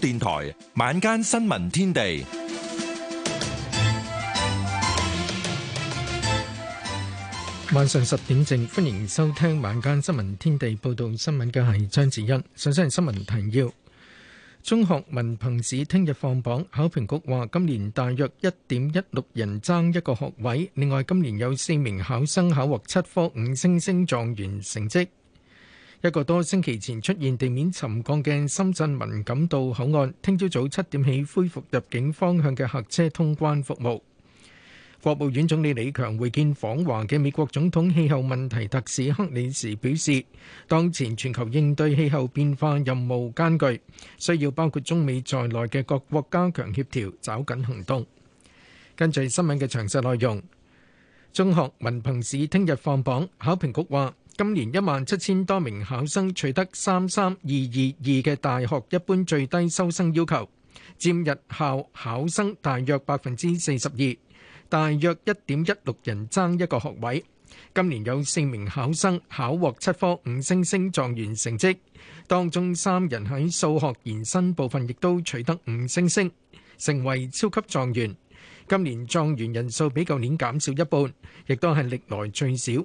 電台晚間新聞天地，晚上十點正，歡迎收聽晚間新聞天地。報道新聞嘅係張子欣，首先係新聞提要：中學文憑試聽日放榜，考評局話今年大約一點一六人爭一個學位。另外，今年有四名考生考獲七科五星星狀元成績。一個多星期前出現地面沉降嘅深圳文錦渡口岸，聽朝早七點起恢復入境方向嘅客車通關服務。國務院總理李強會見訪華嘅美國總統氣候問題特使克里時表示，當前全球應對氣候變化任務艱巨，需要包括中美在內嘅各國加強協調，抓緊行動。跟住新聞嘅詳細內容，中學文憑試聽日放榜，考評局話。今年一萬七千多名考生取得三三二二二嘅大學一般最低收生要求，佔日校考生大約百分之四十二，大約一點一六人爭一個學位。今年有四名考生考獲七科五星星狀元成績，當中三人喺數學延伸部分亦都取得五星星，成為超級狀元。今年狀元人數比舊年減少一半，亦都係歷來最少。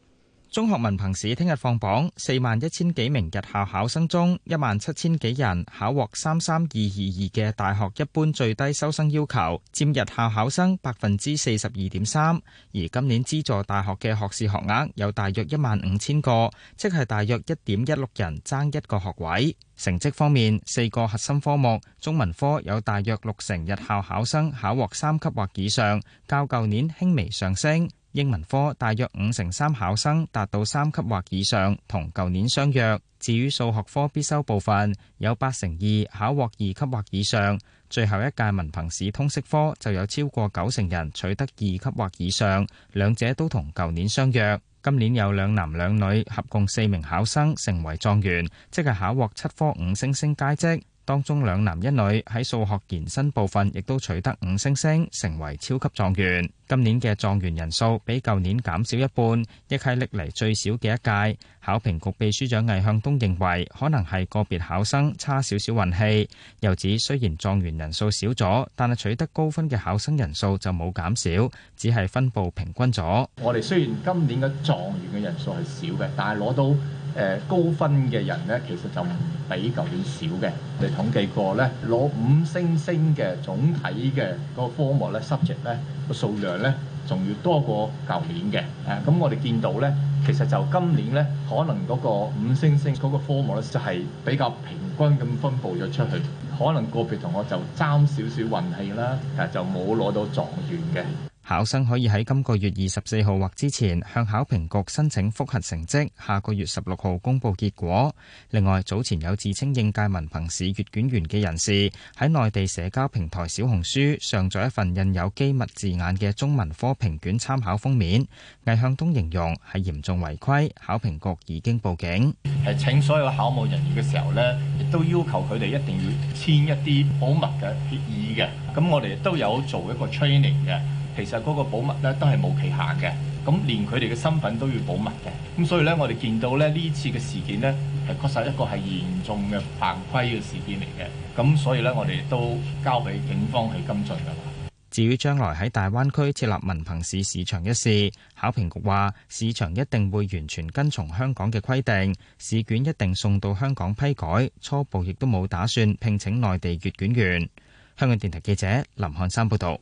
中學文憑試聽日放榜，四萬一千幾名日校考生中，一萬七千幾人考獲三三二二二嘅大學一般最低收生要求，佔日校考生百分之四十二點三。而今年資助大學嘅學士學額有大約一萬五千個，即係大約一點一六人爭一個學位。成績方面，四個核心科目，中文科有大約六成日校考生考獲三級或以上，較舊年輕微上升。英文科大約五成三考生達到三級或以上，同舊年相若。至於數學科必修部分，有八成二考獲二級或以上。最後一屆文憑試通識科就有超過九成人取得二級或以上，兩者都同舊年相若。今年有兩男兩女合共四名考生成為狀元，即係考獲七科五星星佳績。當中兩男一女喺數學延伸部分亦都取得五星星，成為超級狀元。今年嘅狀元人數比舊年減少一半，亦係歷嚟最少嘅一屆。考評局秘書長魏向東認為，可能係個別考生差少少運氣。又指雖然狀元人數少咗，但係取得高分嘅考生人數就冇減少，只係分佈平均咗。我哋雖然今年嘅狀元嘅人數係少嘅，但係攞到誒高分嘅人咧，其實就唔比舊年少嘅。你統計過咧，攞五星星嘅總體嘅嗰個科目咧、subject 咧個數量，咧仲要多過舊年嘅，誒、啊、咁我哋見到咧，其實就今年咧，可能嗰個五星星嗰個科目咧就係比較平均咁分布咗出去，可能個別同學就爭少少運氣啦，誒、啊、就冇攞到狀元嘅。考生可以喺今個月二十四號或之前向考評局申請複核成績，下個月十六號公佈結果。另外，早前有自稱應屆文憑試閱卷員嘅人士喺內地社交平台小紅書上載一份印有機密字眼嘅中文科評卷參考封面。魏向東形容係嚴重違規，考評局已經報警。係請所有考務人員嘅時候呢，亦都要求佢哋一定要簽一啲保密嘅協議嘅。咁我哋都有做一個 training 嘅。其實嗰個保密呢都係無期限嘅，咁連佢哋嘅身份都要保密嘅，咁所以呢我哋見到呢呢次嘅事件呢係確實一個係嚴重嘅犯規嘅事件嚟嘅，咁所以咧我哋都交俾警方去跟進嘅。至於將來喺大灣區設立文憑試試場一事，考評局話試場一定會完全跟從香港嘅規定，試卷一定送到香港批改，初步亦都冇打算聘請內地閱卷員。香港電台記者林漢山報道。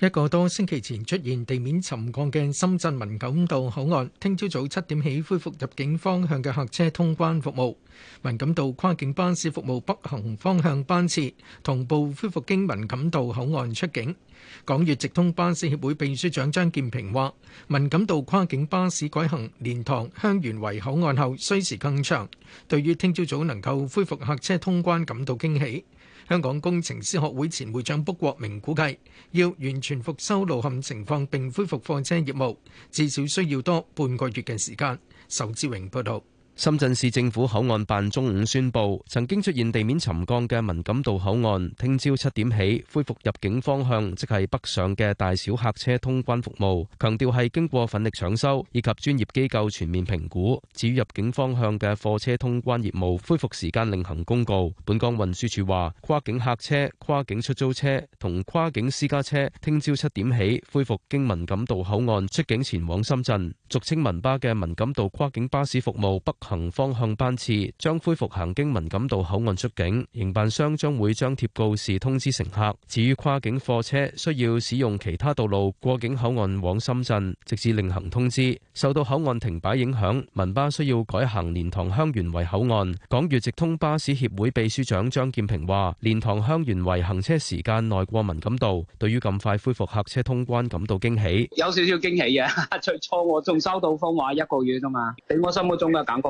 一個多星期前出現地面沉降嘅深圳文錦渡口岸，聽朝早七點起恢復入境方向嘅客車通關服務。文錦渡跨境巴士服務北行方向班次同步恢復經文錦渡口岸出境。港粵直通巴士協會秘書長張建平話：文錦渡跨境巴士改行蓮塘香園圍口岸後，需時更長。對於聽朝早能夠恢復客車通關，感到驚喜。香港工程師學會前會長卜國明估計，要完全復修路陷情況並恢復貨車業務，至少需要多半個月嘅時間。仇志榮報導。深圳市政府口岸辦中午宣布，曾經出現地面沉降嘅文錦渡口岸，聽朝七點起恢復入境方向，即係北上嘅大小客車通關服務。強調係經過奮力搶修以及專業機構全面評估。至於入境方向嘅貨車通關業務，恢復時間另行公告。本港運輸署話，跨境客車、跨境出租車同跨境私家車，聽朝七點起恢復經文錦渡口岸出境前往深圳，俗稱文巴嘅文錦渡跨境巴士服務北行方向班次將恢復行經文錦渡口岸出境，營辦商將會張貼告示通知乘客。至於跨境貨車需要使用其他道路過境口岸往深圳，直至另行通知。受到口岸停擺影響，民巴需要改行蓮塘香園圍口岸。港粵直通巴士協會秘書長張劍平話：蓮塘香園圍行車時間內過文錦渡，對於咁快恢復客車通關感到驚喜。有少少驚喜嘅，最初我仲收到風話一個月啫嘛，喺我心目中嘅感覺。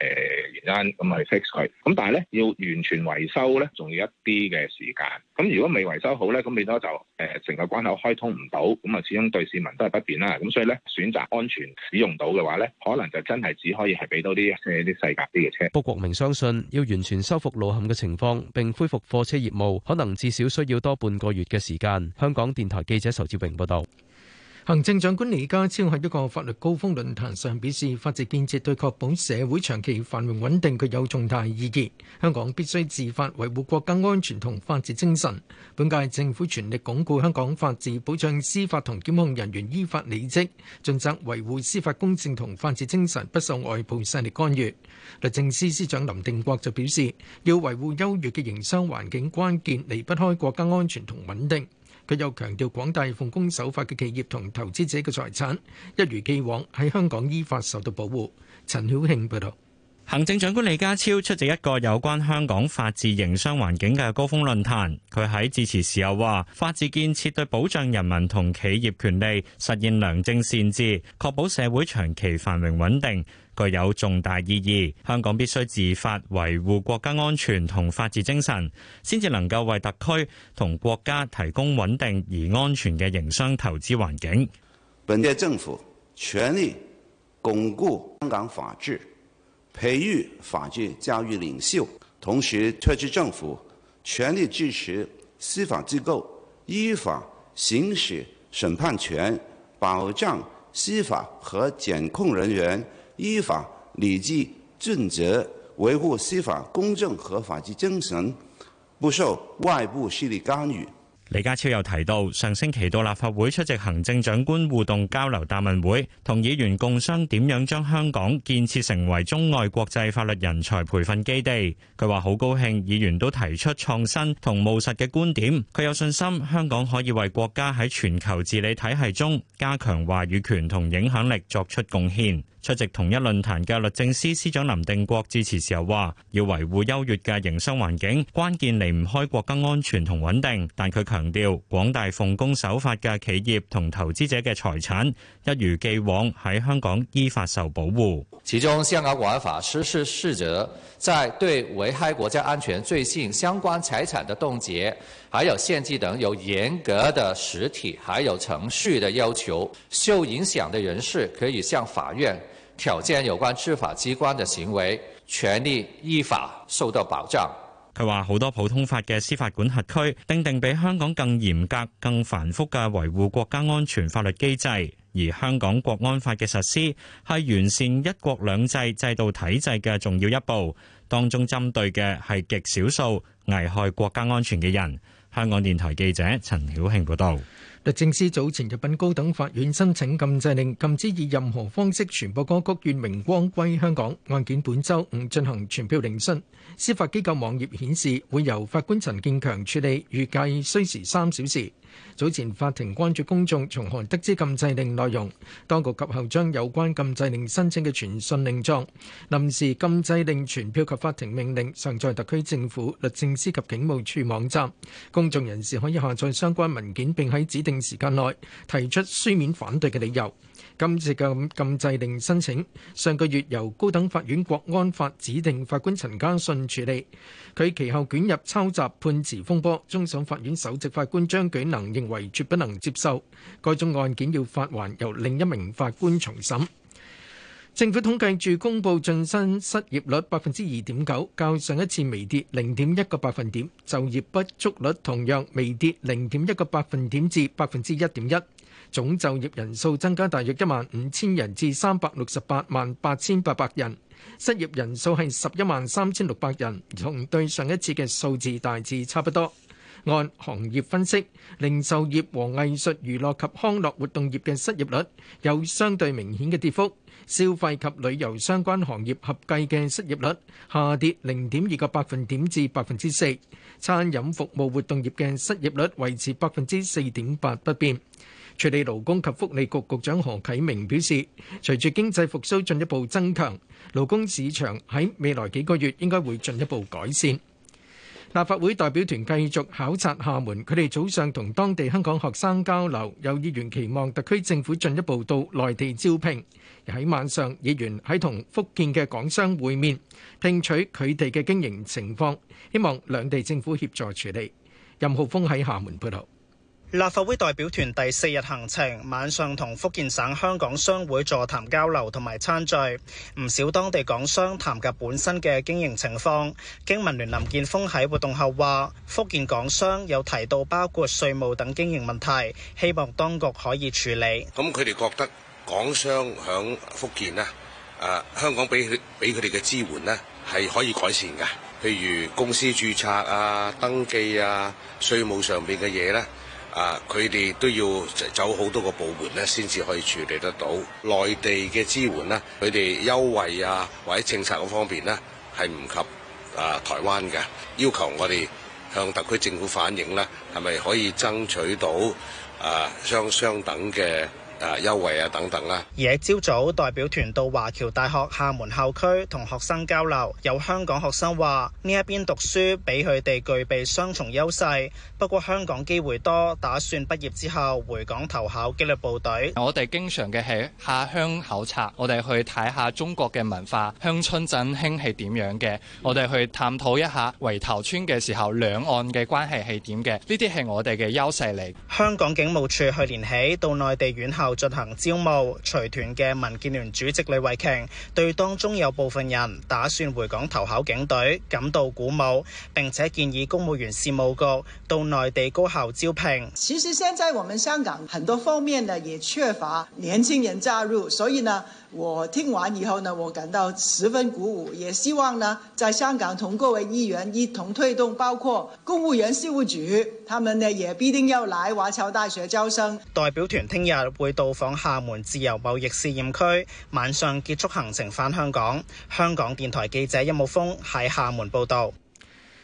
誒原因咁去 fix 佢，咁但係咧要完全維修咧，仲要一啲嘅時間。咁如果未維修好咧，咁變多就誒成個關口開通唔到，咁啊始終對市民都係不便啦。咁所以咧，選擇安全使用到嘅話咧，可能就真係只可以係俾到啲車啲細格啲嘅車。郭國明相信，要完全修復路陷嘅情況並恢復貨車業務，可能至少需要多半個月嘅時間。香港電台記者仇志榮報導。行政長官李家超喺一個法律高峰論壇上表示，法治建設對確保社會長期繁榮穩定具有重大意義。香港必須自發維護國家安全同法治精神。本屆政府全力鞏固香港法治，保障司法同檢控人員依法履職，盡責維護司法公正同法治精神，不受外部勢力干預。律政司司長林定國就表示，要維護優越嘅營商環境，關鍵離不開國家安全同穩定。佢又強調，廣大奉公守法嘅企業同投資者嘅財產，一如既往喺香港依法受到保護。陳曉慶報道。行政長官李家超出席一個有關香港法治營商環境嘅高峰論壇。佢喺致辭時候話：法治建設對保障人民同企業權利、實現良政善治、確保社會長期繁榮穩定具有重大意義。香港必須自發維護國家安全同法治精神，先至能夠為特區同國家提供穩定而安全嘅營商投資環境。本地政府全力鞏固香港法治，培育法治教育領袖，同時特區政府全力支持司法機構依法行使審判權，保障司法和檢控人員依法履職盡責，維護司法公正和法治精神，不受外部勢力干預。李家超又提到，上星期到立法會出席行政長官互動交流答問會，同議員共商點樣將香港建設成為中外國際法律人才培訓基地。佢話好高興議員都提出創新同務實嘅觀點，佢有信心香港可以為國家喺全球治理體系中加強話語權同影響力作出貢獻。出席同一論壇嘅律政司司長林定國致辭時候話，要維護優越嘅營商環境，關鍵離唔開國家安全同穩定。但佢強調，廣大奉公守法嘅企業同投資者嘅財產，一如既往喺香港依法受保護。其中，香港國安法實施細則在對危害國家安全罪行相關財產嘅凍結，還有限制等有嚴格的實體還有程序的要求。受影響的人士可以向法院挑戰有關執法機關嘅行為，權利依法受到保障。佢話好多普通法嘅司法管轄區，定定比香港更嚴格、更繁複嘅維護國家安全法律機制。而香港國安法嘅實施，係完善一國兩制制度體制嘅重要一步。當中針對嘅係極少數危害國家安全嘅人。香港電台記者陳曉慶報道。律政司早前入稟高等法院申請禁制令，禁止以任何方式傳播歌曲《願榮光歸香港》。案件本周五進行傳票聆訊。司法機構網頁顯示會由法官陳建強處理，預計需時三小時。早前法庭關注公眾從何得知禁制令內容，當局及後將有關禁制令申請嘅傳訊令狀、臨時禁制令傳票及法庭命令上載特區政府律政司及警務處網站，公眾人士可以下載相關文件並喺指定時間內提出書面反對嘅理由。今次嘅禁制令申請，上個月由高等法院國安法指定法官陳家信處理。佢其後捲入抄襲判詞風波，終審法院首席法官張舉能認為絕不能接受，該宗案件要發還由另一名法官重審。政府統計處公布最新失業率百分之二點九，較上一次微跌零點一個百分點，就業不足率同樣微跌零點一個百分點至百分之一點一。總就業人數增加大約一萬五千人至三百六十八萬八千八百人，失業人數係十一萬三千六百人，同對上一次嘅數字大致差不多。按行業分析，零售業和藝術、娛樂、娛樂及康樂活動業嘅失業率有相對明顯嘅跌幅。消費及旅遊相關行業合計嘅失業率下跌零點二個百分點至百分之四，餐飲服務活動業嘅失業率維持百分之四點八不變。處理勞工及福利局局長何啟明表示，隨住經濟復甦進一步增強，勞工市場喺未來幾個月應該會進一步改善。立法會代表團繼續考察廈門，佢哋早上同當地香港學生交流，有議員期望特區政府進一步到內地招聘。喺晚上，議員喺同福建嘅港商會面，聽取佢哋嘅經營情況，希望兩地政府協助處理。任浩峯喺廈門報道。立法會代表團第四日行程，晚上同福建省香港商會座談交流同埋餐聚，唔少當地港商談及本身嘅經營情況。經民聯林健鋒喺活動後話，福建港商有提到包括稅務等經營問題，希望當局可以處理。咁佢哋覺得港商響福建咧，啊、呃、香港俾佢俾佢哋嘅支援咧，係可以改善嘅，譬如公司註冊啊、登記啊、稅務上面嘅嘢呢。啊！佢哋都要走好多個部門咧，先至可以處理得到。內地嘅支援咧，佢哋優惠啊，或者政策嗰方面咧，係唔及啊台灣嘅。要求我哋向特區政府反映咧，係咪可以爭取到啊相相等嘅？啊，優惠啊，等等啦。而喺朝早，代表團到華僑大學廈門校區同學生交流，有香港學生話：呢一邊讀書俾佢哋具備雙重優勢。不過香港機會多，打算畢業之後回港投考紀律部隊。我哋經常嘅係下鄉考察，我哋去睇下中國嘅文化，鄉村振興係點樣嘅，我哋去探討一下圍頭村嘅時候兩岸嘅關係係點嘅。呢啲係我哋嘅優勢嚟。香港警務處去年起到內地院校。進行招募，隨團嘅民建聯主席李慧瓊對當中有部分人打算回港投考警隊感到鼓舞，並且建議公務員事務局到內地高校招聘。其實現在我們香港很多方面呢，也缺乏年輕人加入，所以呢。我聽完以後呢，我感到十分鼓舞，也希望呢，在香港同各位議員一同推動，包括公務員事務局，他們呢也必定要來華僑大學招生。代表團聽日會到訪廈門自由貿易試驗區，晚上結束行程返香港。香港電台記者殷慕峰喺廈門報道。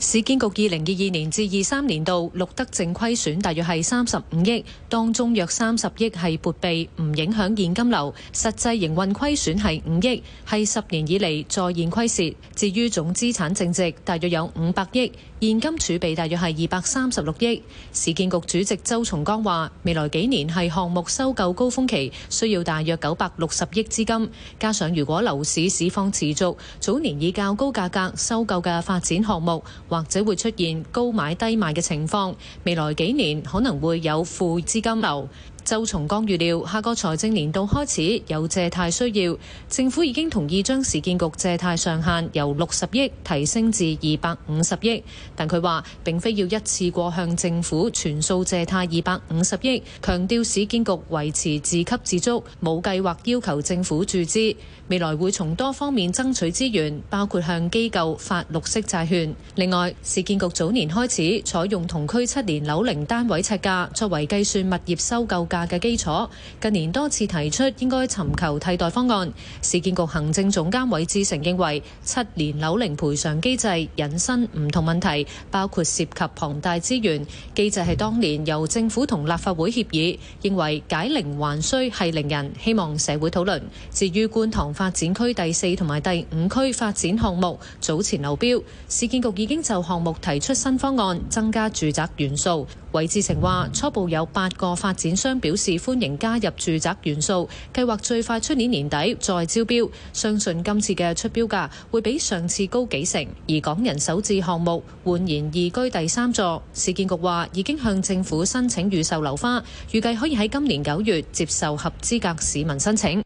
市建局二零二二年至二三年度錄得淨虧損大約係三十五億，當中約三十億係撥備，唔影響現金流，實際營運虧損係五億，係十年以嚟再現虧蝕。至於總資產淨值大約有五百億。現金儲備大約係二百三十六億。市建局主席周松江話：未來幾年係項目收購高峰期，需要大約九百六十億資金。加上如果樓市市況持續，早年以較高價格收購嘅發展項目，或者會出現高買低賣嘅情況，未來幾年可能會有負資金流。周松崗預料，下個財政年度開始有借貸需要，政府已經同意將市建局借貸上限由六十億提升至二百五十億，但佢話並非要一次過向政府全數借貸二百五十億，強調市建局維持自給自足，冇計劃要求政府注資，未來會從多方面爭取資源，包括向機構發綠色債券。另外，市建局早年開始採用同區七年樓齡單位尺價作為計算物業收購價。嘅基礎近年多次提出應該尋求替代方案。市建局行政總監韋志成認為七年樓齡賠償機制引申唔同問題，包括涉及龐大資源。機制係當年由政府同立法會協議，認為解鈴還需繫鈴人，希望社會討論。至於觀塘發展區第四同埋第五區發展項目早前流標，市建局已經就項目提出新方案，增加住宅元素。韋志成話：初步有八個發展商表示歡迎加入住宅元素，計劃最快出年年底再招標。相信今次嘅出標價會比上次高幾成。而港人首置項目煥然宜居第三座，市建局話已經向政府申請預售樓花，預計可以喺今年九月接受合資格市民申請。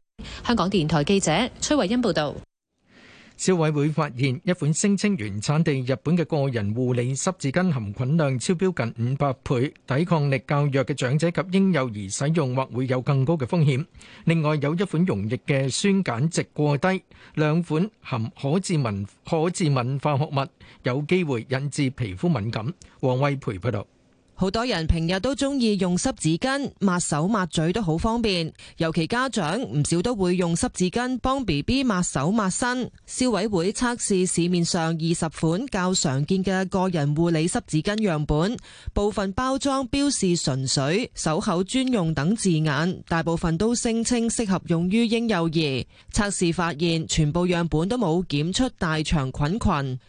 香港電台記者崔慧欣報道。消委會發現一款聲稱原產地日本嘅個人護理濕紙巾含菌量超標近五百倍，抵抗力較弱嘅長者及嬰幼兒使用或會有更高嘅風險。另外有一款溶液嘅酸鹼值過低，兩款含可致敏可致敏化學物，有機會引致皮膚敏感。王惠培報導。好多人平日都中意用濕紙巾抹手抹嘴都好方便，尤其家長唔少都會用濕紙巾幫 BB 抹手抹身。消委會測試市面上二十款較常見嘅個人護理濕紙巾樣本，部分包裝標示純水、手口專用等字眼，大部分都聲稱適合用於嬰幼兒。測試發現，全部樣本都冇檢出大腸菌群、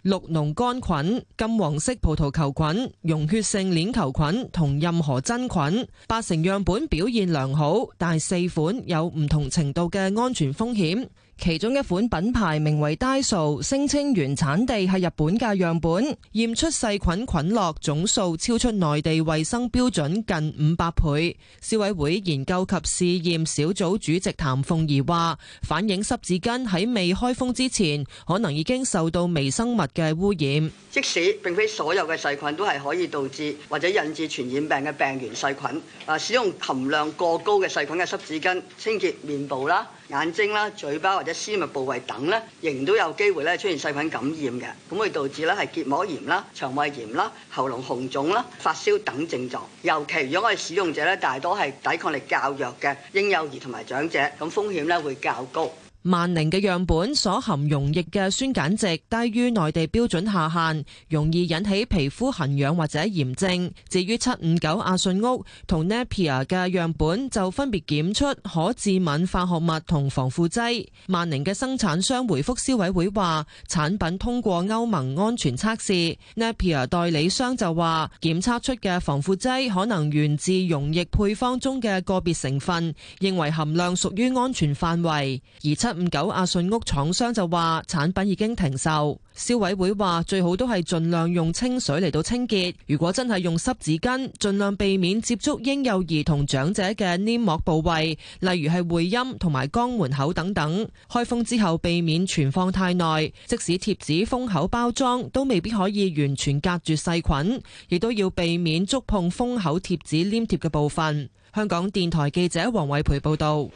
綠膿桿菌、金黃色葡萄球菌、溶血性鏈球菌。菌同任何真菌，八成樣本表現良好，但係四款有唔同程度嘅安全風險。其中一款品牌名為 Daiso，聲稱原產地係日本嘅樣本，驗出細菌菌落總數超出內地衛生標準近五百倍。消委會研究及試驗小組主席譚鳳儀話，反映濕紙巾喺未開封之前，可能已經受到微生物嘅污染。即使並非所有嘅細菌都係可以導致或者引致傳染病嘅病原細菌，啊，使用含量過高嘅細菌嘅濕紙巾清潔面部啦、眼睛啦、嘴巴，或者私密部位等咧，仍都有機會咧出現細菌感染嘅，咁會導致咧係結膜炎啦、腸胃炎啦、喉嚨紅腫啦、發燒等症狀。尤其如果我哋使用者咧，大多係抵抗力較弱嘅嬰幼兒同埋長者，咁風險咧會較高。萬寧嘅樣本所含溶液嘅酸鹼值低於內地標準下限，容易引起皮膚痕癢或者炎症。至於七五九阿信屋同 Napier 嘅樣本就分別檢出可致敏化學物同防腐劑。萬寧嘅生產商回覆消委會話，產品通過歐盟安全測試。Napier 代理商就話，檢測出嘅防腐劑可能源自溶液配方中嘅個別成分，認為含量屬於安全範圍。而七五九阿信屋廠商就話產品已經停售。消委會話最好都係盡量用清水嚟到清潔，如果真係用濕紙巾，盡量避免接觸嬰幼兒同長者嘅黏膜部位，例如係會陰同埋肛門口等等。開封之後避免存放太耐，即使貼紙封口包裝都未必可以完全隔住細菌，亦都要避免觸碰封口貼紙黏貼嘅部分。香港電台記者黃偉培報道。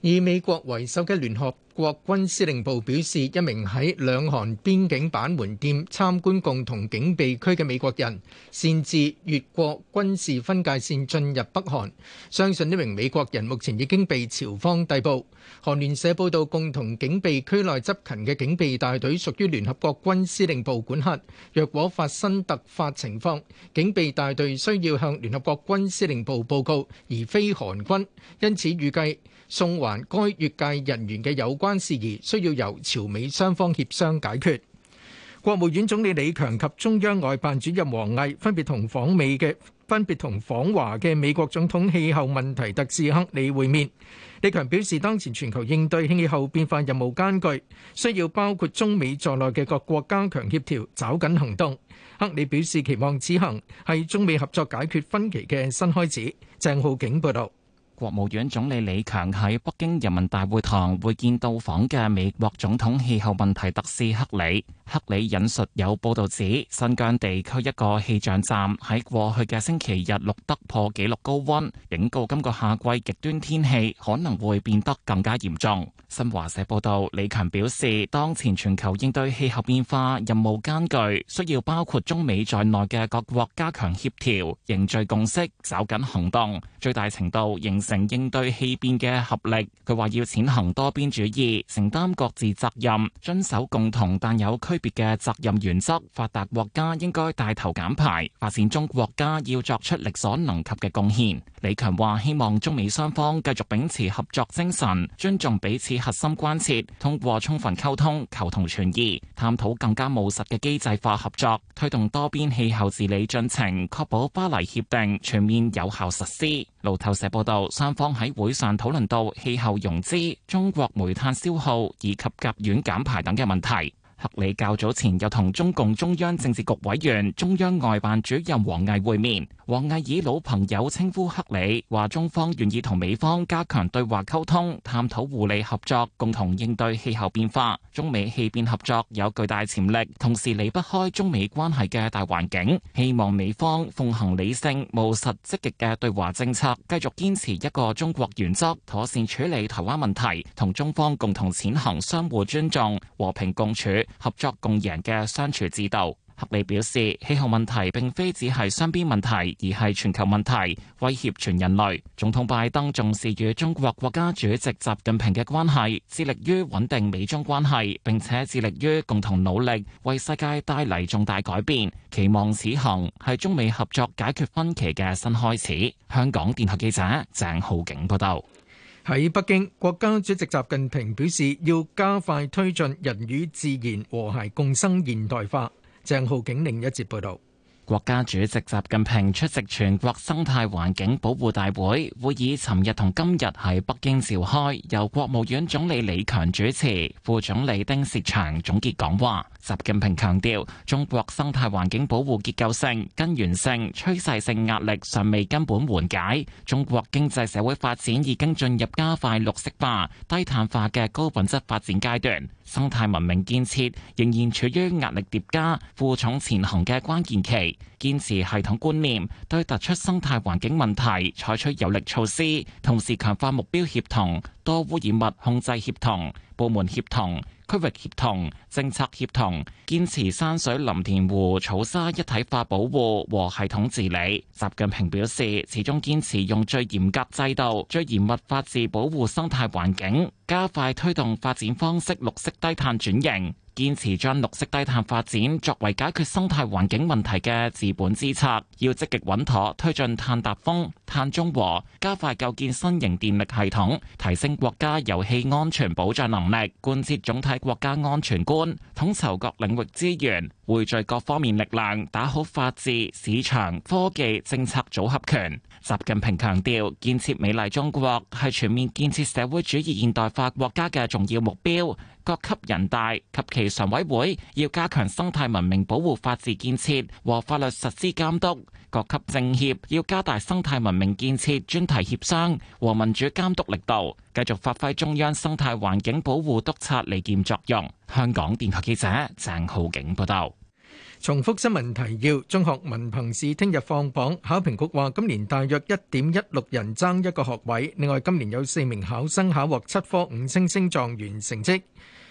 以美國為首嘅聯合。國軍司令部表示，一名喺兩韓邊境板門店參觀共同警備區嘅美國人，擅自越過軍事分界線進入北韓。相信呢名美國人目前已經被朝方逮捕。韓聯社報道，共同警備區內執勤嘅警備大隊屬於聯合國軍司令部管轄。若果發生突發情況，警備大隊需要向聯合國軍司令部報告，而非韓軍。因此預計送還該越界人員嘅有關關事宜需要由朝美雙方協商解決。國務院總理李強及中央外辦主任王毅分別同訪美嘅分別同訪華嘅美國總統氣候問題特使克里會面。李強表示，當前全球應對氣候變化任務艱巨，需要包括中美在內嘅各國加強協調，抓緊行動。克里表示期望此行係中美合作解決分歧嘅新開始。鄭浩景報導。國務院總理李強喺北京人民大會堂會見到訪嘅美國總統氣候問題特使克里。克里引述有報道指，新疆地區一個氣象站喺過去嘅星期日錄得破紀錄高溫，警告今個夏季極端天氣可能會變得更加嚴重。新華社報道，李強表示，當前全球應對氣候變化任務艱巨，需要包括中美在內嘅各國加強協調、凝聚共識、走緊行動，最大程度應。成應對氣變嘅合力，佢話要踐行多邊主義，承擔各自責任，遵守共同但有區別嘅責任原則。發達國家應該帶頭減排，發展中國家要作出力所能及嘅貢獻。李強話：希望中美雙方繼續秉持合作精神，尊重彼此核心關切，通過充分溝通、求同存異，探討更加務實嘅機制化合作，推動多邊氣候治理進程，確保《巴黎協定》全面有效實施。路透社報道。三方喺會上討論到氣候融資、中國煤炭消耗以及甲烷減排等嘅問題。克里較早前又同中共中央政治局委員、中央外辦主任王毅會面。王毅以老朋友稱呼克里，話中方願意同美方加強對話溝通，探討互利合作，共同應對氣候變化。中美氣變合作有巨大潛力，同時離不開中美關係嘅大環境。希望美方奉行理性務實、積極嘅對華政策，繼續堅持一個中國原則，妥善處理台灣問題，同中方共同踐行相互尊重、和平共處、合作共贏嘅相處之道。克里表示，氣候問題並非只係雙邊問題，而係全球問題，威脅全人類。總統拜登重視與中國國家主席習近平嘅關係，致力於穩定美中關係，並且致力於共同努力為世界帶嚟重大改變，期望此行係中美合作解決分歧嘅新開始。香港電台記者鄭浩景報道。喺北京，國家主席習近平表示，要加快推進人與自然和諧共生現代化。鄭浩景另一節報道，國家主席習近平出席全國生態環境保護大會，會議尋日同今日喺北京召開，由國務院總理李強主持，副總理丁薛祥總結講話。習近平強調，中國生態環境保護結構性、根源性、趨勢性壓力尚未根本緩解。中國經濟社會發展已經進入加快綠色化、低碳化嘅高品質發展階段，生態文明建設仍然處於壓力疊加、負重前行嘅關鍵期。堅持系統觀念，對突出生態環境問題採取有力措施，同時強化目標協同、多污染物控制協同、部門協同。區域協同、政策協同，堅持山水林田湖草沙一體化保護和系統治理。習近平表示，始終堅持用最嚴格制度、最嚴密法治保護生態環境，加快推動發展方式綠色低碳轉型。堅持將綠色低碳發展作為解決生態環境問題嘅治本之策，要積極穩妥推進碳達峰、碳中和，加快構建新型電力系統，提升國家油氣安全保障能力，貫徹總體國家安全觀，統籌各領域資源，匯聚各方面力量，打好法治、市場、科技、政策組合拳。習近平強調，建設美麗中國係全面建設社會主義現代化國家嘅重要目標。各級人大及其常委會要加強生態文明保護法治建設和法律實施監督；各級政協要加大生態文明建設專題協商和民主監督力度，繼續發揮中央生態環境保護督察利劍作用。香港電台記者鄭浩景報道。重複新聞提要：中學文憑試聽日放榜，考評局話今年大約一點一六人爭一個學位。另外，今年有四名考生考獲七科五星星狀元成績。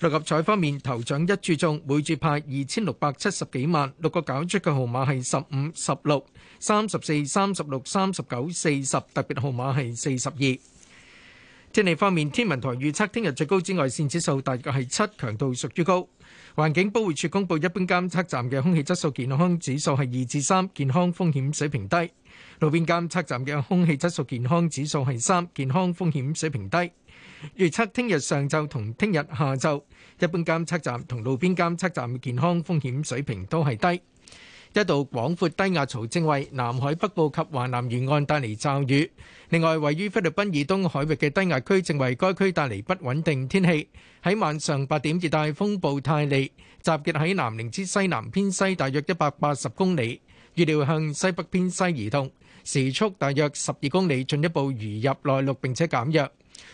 六合彩方面，頭獎一注中，每注派二千六百七十幾萬。六個搞出嘅號碼係十五、十六、三十四、三十六、三十九、四十，特別號碼係四十二。天氣方面，天文台預測聽日最高紫外線指數大約係七，強度屬於高。環境保護署公佈，一般監測站嘅空氣質素健康指數係二至三，3, 健康風險水平低。路邊監測站嘅空氣質素健康指數係三，健康風險水平低。預測聽日上晝同聽日下晝，一般監測站同路邊監測站健康風險水平都係低。一道廣闊低壓槽正為南海北部及華南沿岸帶嚟驟雨。另外，位於菲律賓以東海域嘅低壓區正為該區帶嚟不穩定天氣。喺晚上八點，熱帶大風暴泰利集結喺南寧之西南偏西，大約一百八十公里。預料向西北偏西移動，時速大約十二公里，進一步移入內陸並且減弱。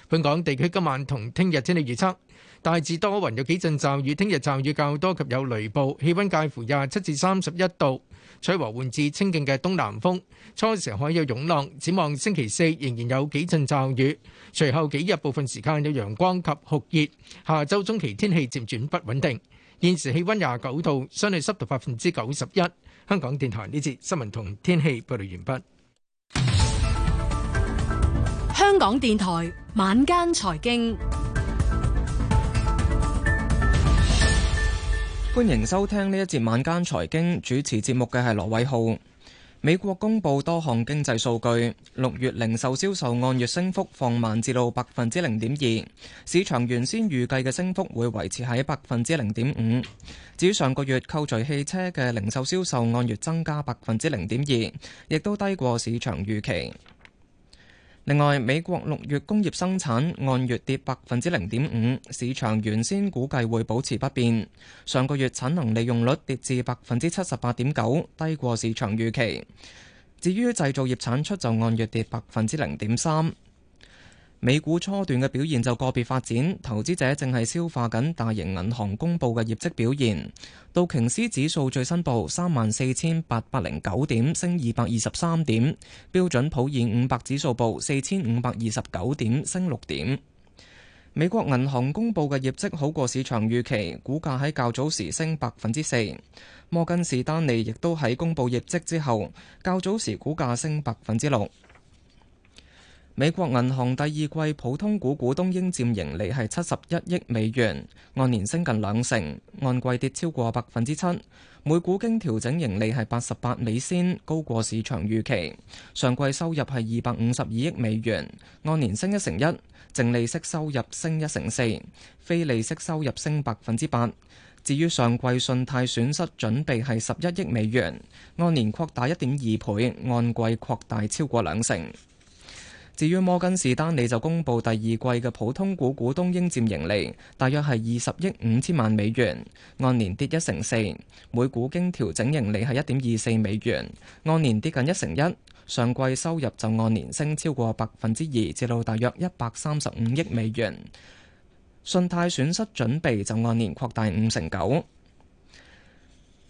本港地區今晚同聽日天氣預測，大致多雲有幾陣驟雨，聽日驟雨較多及有雷暴，氣溫介乎廿七至三十一度，吹和緩至清勁嘅東南風，初時海有湧浪，展望星期四仍然有幾陣驟雨，隨後幾日部分時間有陽光及酷熱，下周中期天氣漸轉不穩定。現時氣溫廿九度，相對濕度百分之九十一。香港電台呢節新聞同天氣報道完畢。香港電台晚間財經，歡迎收聽呢一節晚間財經，主持節目嘅係羅偉浩。美國公布多項經濟數據，六月零售銷售按月升幅放慢至到百分之零點二，市場原先預計嘅升幅會維持喺百分之零點五。至於上個月扣除汽車嘅零售銷售按月增加百分之零點二，亦都低過市場預期。另外，美國六月工業生產按月跌百分之零點五，市場原先估計會保持不變。上個月產能利用率跌至百分之七十八點九，低過市場預期。至於製造業產出就按月跌百分之零點三。美股初段嘅表現就個別發展，投資者正係消化緊大型銀行公佈嘅業績表現。道瓊斯指數最新報三萬四千八百零九點，升二百二十三點；標準普爾五百指數報四千五百二十九點，升六點。美國銀行公佈嘅業績好過市場預期，股價喺較早時升百分之四。摩根士丹利亦都喺公佈業績之後，較早時股價升百分之六。美國銀行第二季普通股股東應佔盈利係七十一億美元，按年升近兩成，按季跌，跌超過百分之七。每股經調整盈利係八十八美仙，高過市場預期。上季收入係二百五十二億美元，按年升一成一，淨利息收入升一成四，非利息收入升百分之八。至於上季信貸損失準備係十一億美元，按年擴大一點二倍，按季擴大超過兩成。至於摩根士丹利就公布第二季嘅普通股股東應占盈利，大約係二十億五千萬美元，按年跌一成四，每股經調整盈利係一點二四美元，按年跌近一成一。上季收入就按年升超過百分之二，至到大約一百三十五億美元，信貸損失準備就按年擴大五成九。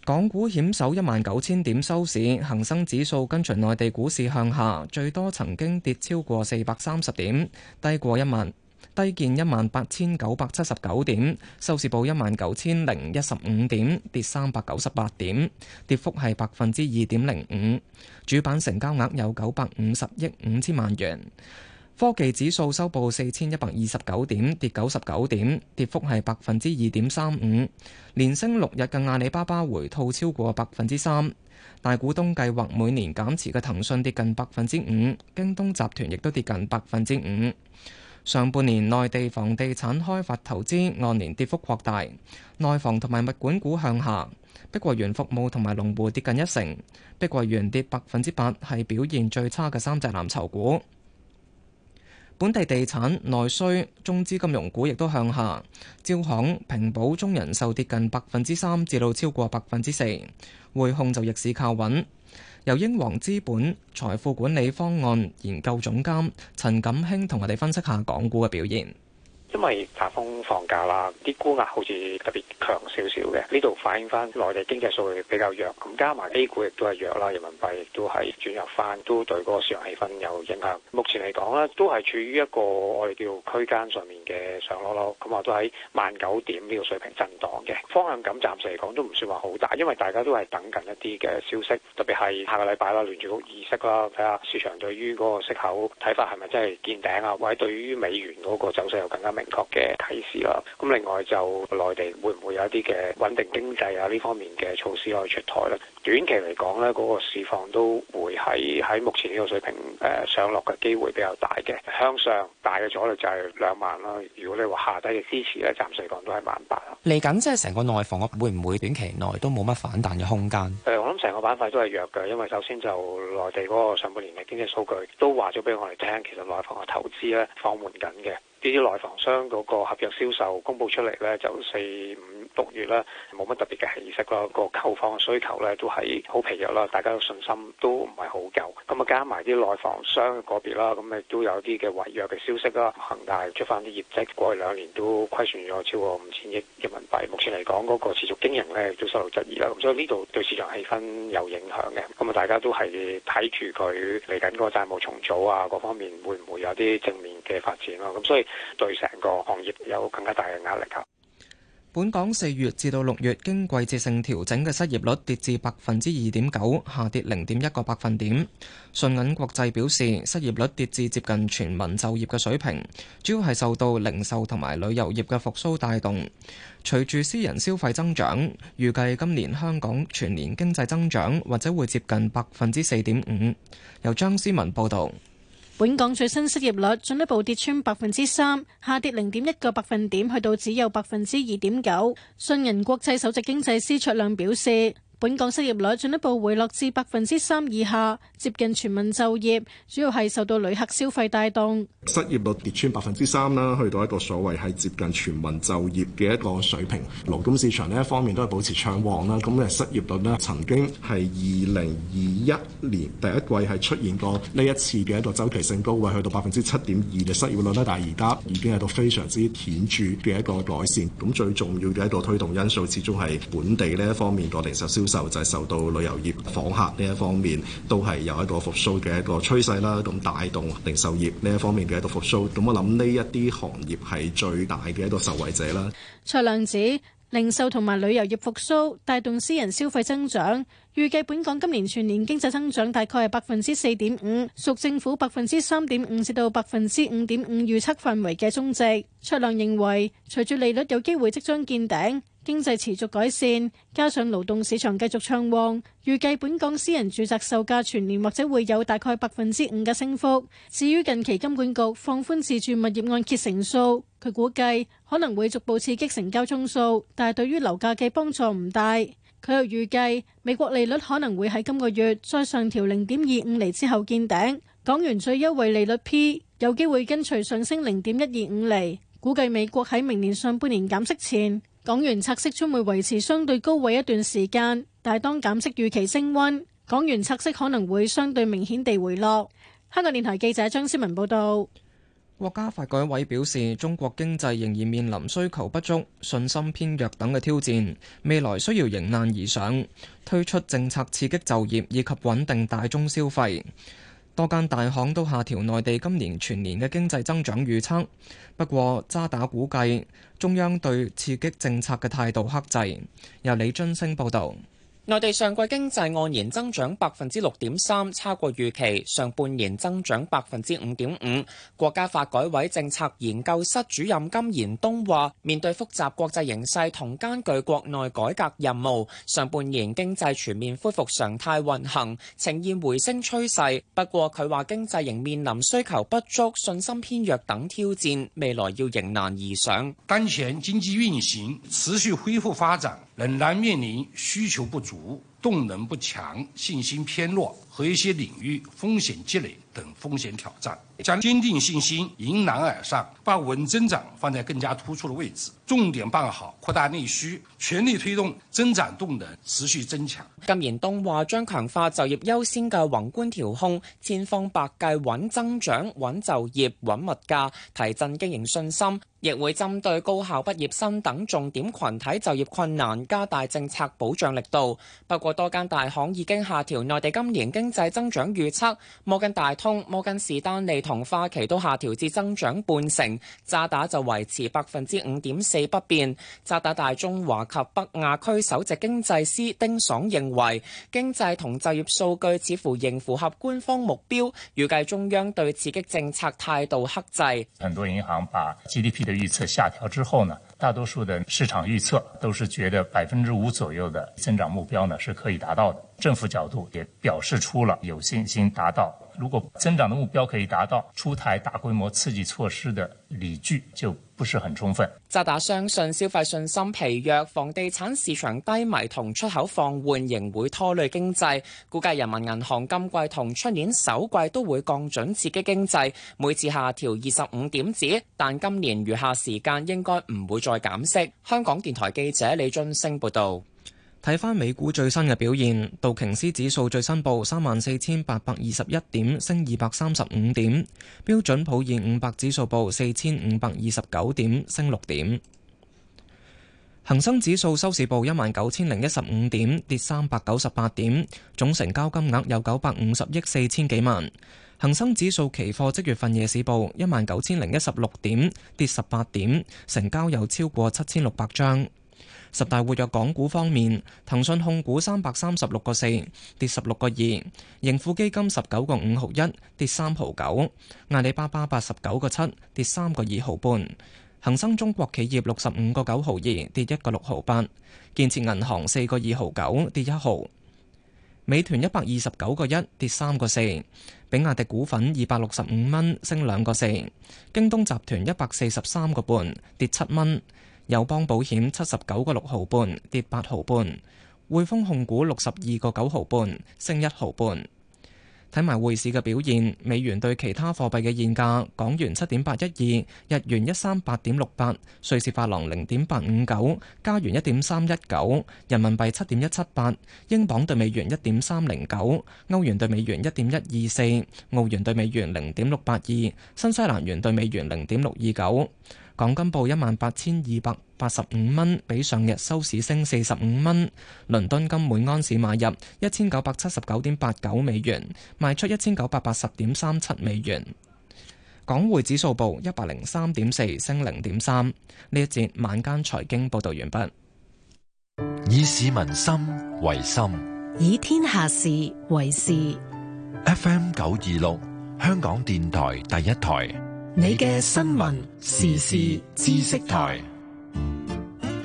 港股險守一萬九千點收市，恒生指數跟隨內地股市向下，最多曾經跌超過四百三十點，低過一萬，低見一萬八千九百七十九點，收市報一萬九千零一十五點，跌三百九十八點，跌幅係百分之二點零五，主板成交額有九百五十億五千萬元。科技指數收報四千一百二十九點，跌九十九點，跌幅係百分之二點三五。連升六日嘅阿里巴巴回吐超過百分之三。大股東計劃每年減持嘅騰訊跌近百分之五，京東集團亦都跌近百分之五。上半年內地房地產開發投資按年跌幅擴大，內房同埋物管股向下，碧桂園服務同埋龍湖跌近一成，碧桂園跌百分之八，係表現最差嘅三隻藍籌股。本地地產內需中資金融股亦都向下，招行、平保、中人壽跌近百分之三，至到超過百分之四。匯控就逆市靠穩。由英皇資本財富管理方案研究總監陳錦興同我哋分析下港股嘅表現。因為打風放假啦，啲沽壓好似特別強少少嘅，呢度反映翻內地經濟數據比較弱，咁加埋 A 股亦都係弱啦，人民幣亦都係轉入翻，都對嗰個市場氣氛有影響。目前嚟講咧，都係處於一個我哋叫區間上面嘅上落囉，咁啊都喺萬九點呢個水平震盪嘅方向感暫時嚟講都唔算話好大，因為大家都係等緊一啲嘅消息，特別係下個禮拜啦，聯儲局議息啦，睇下市場對於嗰個息口睇法係咪真係見頂啊？或者對於美元嗰個走勢又更加明。確嘅提示啦，咁另外就內地會唔會有一啲嘅穩定經濟啊，呢方面嘅措施可以出台咧？短期嚟講咧，嗰、嗰個市況都會喺喺目前呢個水平誒、呃、上落嘅機會比較大嘅，向上大嘅阻力就係兩萬啦。如果你話下低嘅支持咧，暫時嚟講都係萬八啦。嚟緊即係成個內房嘅會唔會短期內都冇乜反彈嘅空間？誒、呃，我諗成個板塊都係弱嘅，因為首先就內地嗰個上半年嘅經濟數據都話咗俾我哋聽，其實內房嘅投資咧放緩緊嘅，呢啲內房商嗰個合約銷售公佈出嚟咧，就四五六月啦，冇乜特別嘅氣息咯，嗰個購房嘅需求咧都。係好疲弱啦，大家嘅信心都唔係好夠，咁啊加埋啲內房商個別啦，咁亦都有啲嘅違約嘅消息啦。恒大出翻啲業績，過去兩年都虧損咗超過五千億人民幣，目前嚟講嗰個持續經營咧都受到質疑啦，咁所以呢度對市場氣氛有影響嘅。咁啊，大家都係睇住佢嚟緊個債務重組啊，各方面會唔會有啲正面嘅發展咯？咁所以對成個行業有更加大嘅壓力。本港四月至到六月，經季節性調整嘅失業率跌至百分之二點九，下跌零點一個百分點，信銀國際表示，失業率跌至接近全民就業嘅水平，主要係受到零售同埋旅遊業嘅復蘇帶動。隨住私人消費增長預計今年香港全年經濟增長或者會接近百分之四點五。由張思文報道。本港最新失業率進一步跌穿百分之三，下跌零點一個百分點，去到只有百分之二點九。信銀國際首席經濟師卓亮表示。本港失業率進一步回落至百分之三以下，接近全民就業，主要係受到旅客消費帶動。失業率跌穿百分之三啦，去到一個所謂係接近全民就業嘅一個水平。勞工市場呢一方面都係保持暢旺啦。咁嘅失業率呢曾經係二零二一年第一季係出現過呢一次嘅一個周期性高位，去到百分之七點二嘅失業率啦。但係而家已經係到非常之顯著嘅一個改善。咁最重要嘅一個推動因素，始終係本地呢一方面個零售消受就係受到旅遊業訪客呢一方面都係有一個復蘇嘅一個趨勢啦，咁帶動零售業呢一方面嘅一個復蘇，咁我諗呢一啲行業係最大嘅一個受惠者啦。卓亮指零售同埋旅遊業復蘇帶動私人消費增長，預計本港今年全年經濟增長大概係百分之四點五，屬政府百分之三點五至到百分之五點五預測範圍嘅中值。卓亮認為，隨住利率有機會即將見頂。經濟持續改善，加上勞動市場繼續暢旺，預計本港私人住宅售價全年或者會有大概百分之五嘅升幅。至於近期金管局放寬自住物業按揭成數，佢估計可能會逐步刺激成交宗數，但係對於樓價嘅幫助唔大。佢又預計美國利率可能會喺今個月再上調零點二五厘之後見頂，港元最優惠利率 P 有機會跟隨上升零點一二五厘，估計美國喺明年上半年減息前，港元拆息將會維持相對高位一段時間，但係當減息預期升溫，港元拆息可能會相對明顯地回落。香港電台記者張思文報道。國家發改委表示，中國經濟仍然面臨需求不足、信心偏弱等嘅挑戰，未來需要迎難而上，推出政策刺激就業以及穩定大宗消費。多間大行都下調內地今年全年嘅經濟增長預測，不過，渣打估計，中央對刺激政策嘅態度克制。由李津星報導。內地上季經濟按年增長百分之六點三，超過預期；上半年增長百分之五點五。國家發改委政策研究室主任金賢東話：面對複雜國際形勢同艱巨國內改革任務，上半年經濟全面恢復常態運行，呈現回升趨勢。不過佢話經濟仍面臨需求不足、信心偏弱等挑戰，未來要迎難而上。當前經濟運行持續恢復發展。仍然面臨需求不足。動能不強、信心偏弱和一些領域風險積累等風險挑戰，將堅定信心迎難而上，把穩增長放在更加突出的位置，重點辦好擴大內需，全力推動增長動能持續增強。金賢東話：將強化就業優先嘅宏觀調控，千方百計穩增長、穩就業、穩物價，提振經營信心，亦會針對高校畢業生等重點群體就業困難加大政策保障力度。不過。多間大行已經下調內地今年經濟增長預測，摩根大通、摩根士丹利同花旗都下調至增長半成，渣打就維持百分之五點四不變。渣打大中華及北亞區首席經濟師丁爽認為，經濟同就業數據似乎仍符合官方目標，預計中央對刺激政策態度克制。很多銀行把 GDP 的預測下調之後呢，大多數的市場預測都是覺得百分之五左右的增長目標呢，是可以達到的，政府角度也表示出了有信心達到。如果增長的目標可以達到，出台大規模刺激措施的理據就不是很充分。渣打相信消費信心疲弱、房地產市場低迷同出口放緩仍會拖累經濟，估計人民銀行今季同出年首季都會降準刺激經濟，每次下調二十五點子，但今年餘下時間應該唔會再減息。香港電台記者李俊升報導。睇翻美股最新嘅表現，道瓊斯指數最新報三萬四千八百二十一點，升二百三十五點；標準普爾五百指數報四千五百二十九點，升六點。恒生指數收市報一萬九千零一十五點，跌三百九十八點，總成交金額有九百五十億四千幾萬。恒生指數期貨即月份夜市報一萬九千零一十六點，跌十八點，成交有超過七千六百張。十大活躍港股方面，騰訊控股三百三十六個四，跌十六個二；盈富基金十九個五毫一，跌三毫九；阿里巴巴八十九個七，跌三個二毫半；恒生中國企業六十五個九毫二，跌一個六毫八；建設銀行四個二毫九，跌一毫；美團一百二十九個一，跌三個四；比亞迪股份二百六十五蚊，升兩個四；京東集團一百四十三個半，跌七蚊。友邦保險七十九個六毫半，跌八毫半；匯豐控股六十二個九毫半，升一毫半。睇埋匯市嘅表現，美元對其他貨幣嘅現價：港元七點八一二，日元一三八點六八，瑞士法郎零點八五九，加元一點三一九，人民幣七點一七八，英鎊對美元一點三零九，歐元對美元一點一二四，澳元對美元零點六八二，新西蘭元對美元零點六二九。港金報一萬八千二百八十五蚊，比上日收市升四十五蚊。倫敦金每安士買入一千九百七十九點八九美元，賣出一千九百八十點三七美元。港匯指數報一百零三點四，升零點三。呢一節晚間財經報道完畢，以市民心為心，以天下事為事。FM 九二六，香港電台第一台。你嘅新聞時事知識台，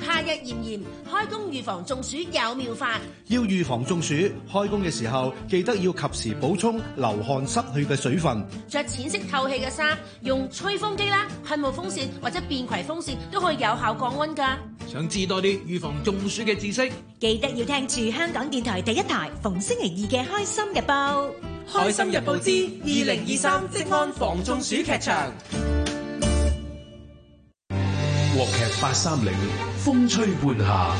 夏日炎炎，開工預防中暑有妙法。要預防中暑，開工嘅時候記得要及時補充流汗失去嘅水分。着淺色透氣嘅衫，用吹風機啦、噴霧風扇或者便攜風扇都可以有效降溫㗎。想知多啲預防中暑嘅知識，記得要聽住香港電台第一台逢星期二嘅開心日報。《開心日報》之二零二三積安防中暑劇場，國劇八三零，風吹半夏。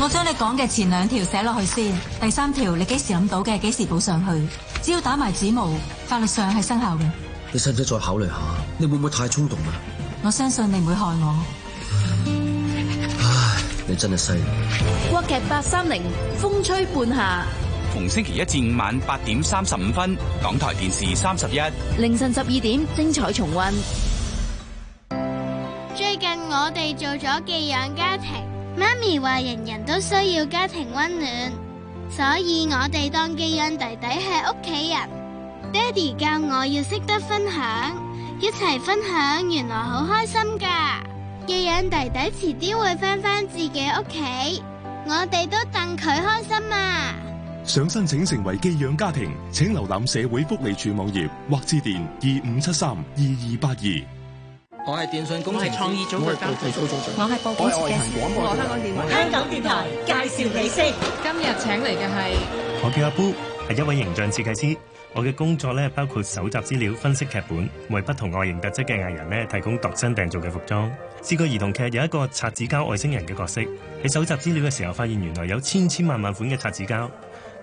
我將你講嘅前兩條寫落去先，第三條你幾時諗到嘅？幾時補上去？只要打埋指模，法律上係生效嘅。你使唔使再考慮下？你會唔會太衝動啊？我相信你唔會害我。唉，你真係犀利。國劇八三零，風吹半夏。逢星期一至五晚八點三十五分，港台電視三十一凌晨十二點精彩重溫。最近我哋做咗寄養家庭，媽咪話人人都需要家庭溫暖，所以我哋當寄養弟弟係屋企人。爹哋教我要識得分享，一齊分享原來好開心㗎。寄養弟弟遲啲會翻返自己屋企，我哋都戥佢開心啊！想申請成為寄養家庭，請瀏覽社會福利處網頁或致電二五七三二二八二。我係電信公司創意組嘅嘉，我係報紙嘅，我喺香港電台介紹你先。今日請嚟嘅係我叫阿布，係一位形象設計師。我嘅工作咧包括搜集資料、分析劇本，為不同外形特質嘅藝人咧提供度身訂造嘅服裝。試過兒童劇有一個擦紙膠外星人嘅角色，喺搜集資料嘅時候發現原來有千千萬萬款嘅擦紙膠。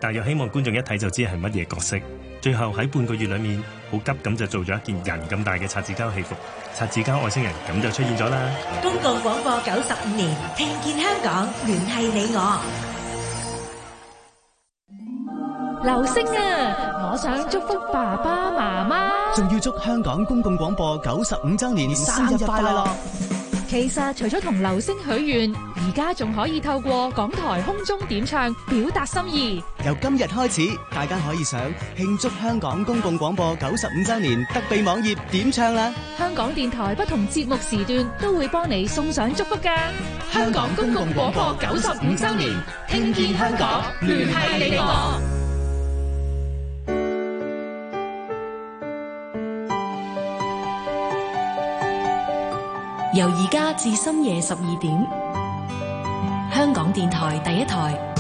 但又希望觀眾一睇，就知係乜嘢角色，最後喺半個月裏面好急咁就做咗一件人咁大嘅擦紙膠戲服，擦紙膠外星人咁就出現咗啦。公共廣播九十五年，聽見香港，聯繫你我。流星啊，我想祝福爸爸媽媽，仲要祝香港公共廣播九十五周年生日快樂。其實除咗同流星許願，而家仲可以透過港台空中點唱表達心意。由今日開始，大家可以上慶祝香港公共廣播九十五周年特備網頁點唱啦。香港電台不同節目時段都會幫你送上祝福嘅。香港公共廣播九十五周年，聽見香港，聯繫你我。由而家至深夜十二點，香港電台第一台。